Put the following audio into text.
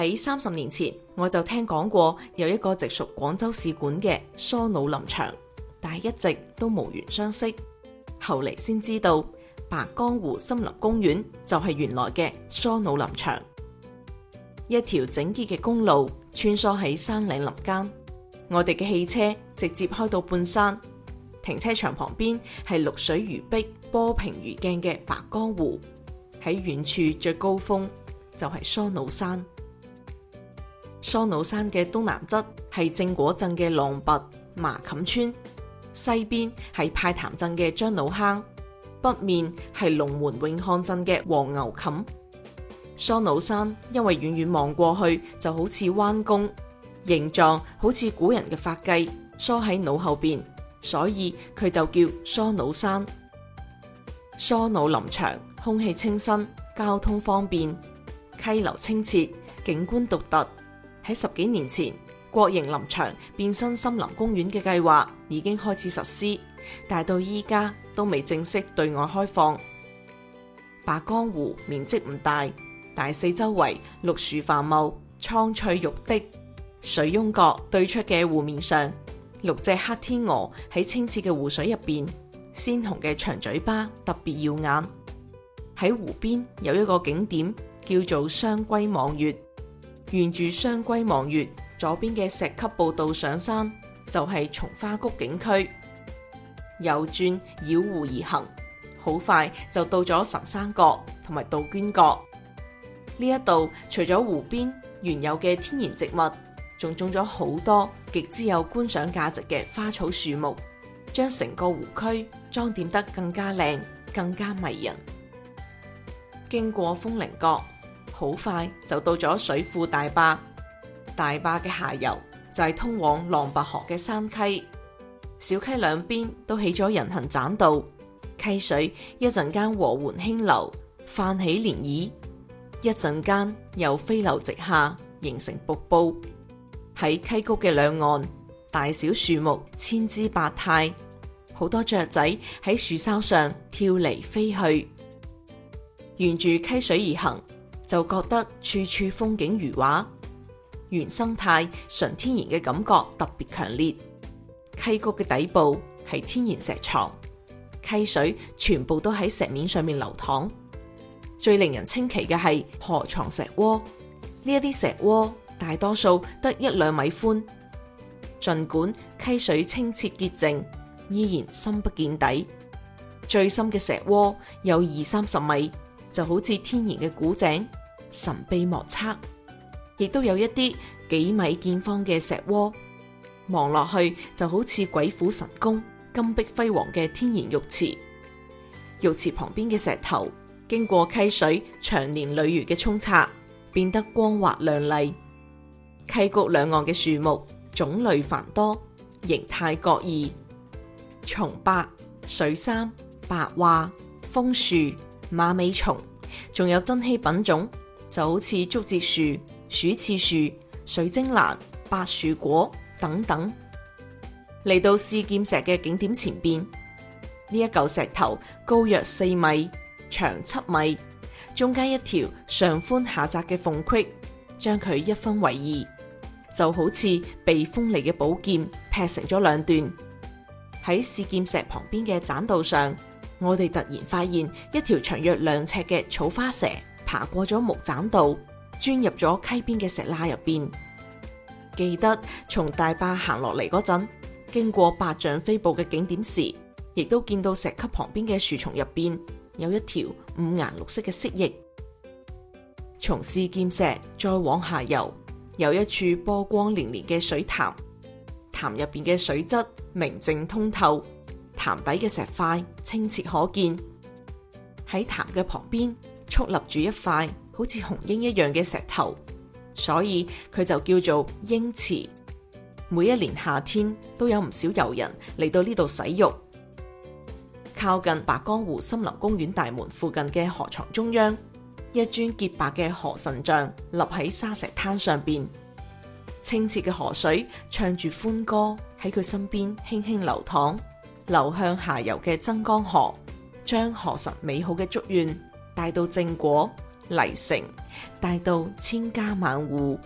喺三十年前，我就聽講過有一個直屬廣州市管嘅梳腦林場，但係一直都無緣相識。後嚟先知道白江湖森林公園就係原來嘅梳腦林場。一條整潔嘅公路穿梭喺山嶺林間，我哋嘅汽車直接開到半山，停車場旁邊，係綠水如碧、波平如鏡嘅白江湖。喺遠處最高峰就係梳腦山。梳腦山嘅東南側係正果鎮嘅浪拔麻冚村，西邊係派潭鎮嘅樟洞坑，北面係龍門永漢鎮嘅黃牛冚。梳腦山因為遠遠望過去就好似彎弓，形狀好似古人嘅髮髻梳喺腦後邊，所以佢就叫梳腦山。梳腦林場空氣清新，交通方便，溪流清澈，景觀獨特。喺十幾年前，國營林場變身森林公園嘅計劃已經開始實施，但到依家都未正式對外開放。白江湖面積唔大，但四周圍綠樹繁茂、蒼翠欲滴。水嗡閣對出嘅湖面上，六隻黑天鵝喺清澈嘅湖水入邊，鮮紅嘅長嘴巴特別耀眼。喺湖邊有一個景點叫做雙龜望月。沿住雙龜望月，左邊嘅石級步道上山，就係、是、松花谷景區；右轉繞湖而行，好快就到咗神山角同埋杜鵑角。呢一度除咗湖邊原有嘅天然植物，仲種咗好多極之有觀賞價值嘅花草樹木，將成個湖區裝點得更加靚、更加迷人。經過風鈴角。好快就到咗水庫大壩，大壩嘅下游就係通往浪拔河嘅山溪。小溪兩邊都起咗人行棧道，溪水一陣間和緩輕流，泛起漣漪；一陣間又飛流直下，形成瀑布。喺溪谷嘅兩岸，大小樹木千姿百態，好多雀仔喺樹梢上跳嚟飛去。沿住溪水而行。就覺得處處風景如畫，原生態、純天然嘅感覺特別強烈。溪谷嘅底部係天然石床，溪水全部都喺石面上面流淌。最令人稱奇嘅係河床石窩，呢一啲石窩大多數得一兩米寬，盡管溪水清澈潔淨，依然深不見底。最深嘅石窩有二三十米，就好似天然嘅古井。神秘莫測，亦都有一啲幾米見方嘅石窩，望落去就好似鬼斧神工、金碧輝煌嘅天然浴池。浴池旁邊嘅石頭經過溪水長年累月嘅沖刷，變得光滑亮麗。溪谷兩岸嘅樹木種類繁多，形態各異，松柏、水杉、白樺、楓樹、馬尾松，仲有珍稀品種。就好似竹節樹、鼠刺樹、水晶蘭、柏樹果等等。嚟到試劍石嘅景點前邊，呢一嚿石頭高約四米，長七米，中間一條上寬下窄嘅縫隙，將佢一分為二，就好似被鋒利嘅寶劍劈成咗兩段。喺試劍石旁邊嘅棧道上，我哋突然發現一條長約兩尺嘅草花蛇。爬過咗木棧道，鑽入咗溪邊嘅石罅入邊。記得從大壩行落嚟嗰陣，經過百丈飛瀑嘅景點時，亦都見到石級旁邊嘅樹叢入邊有一條五顏六色嘅蜥蜴。從試劍石再往下游，有一處波光漣漣嘅水潭，潭入邊嘅水質明淨通透，潭底嘅石塊清澈可見。喺潭嘅旁邊，矗立住一塊好似雄鷹一樣嘅石頭，所以佢就叫做鷹池。每一年夏天都有唔少遊人嚟到呢度洗浴。靠近白江湖森林公園大門附近嘅河床中央，一尊潔白嘅河神像立喺沙石灘上邊，清澈嘅河水唱住歡歌喺佢身邊輕輕流淌，流向下游嘅增江河，將河神美好嘅祝願。帶到正果、荔城，帶到千家萬戶。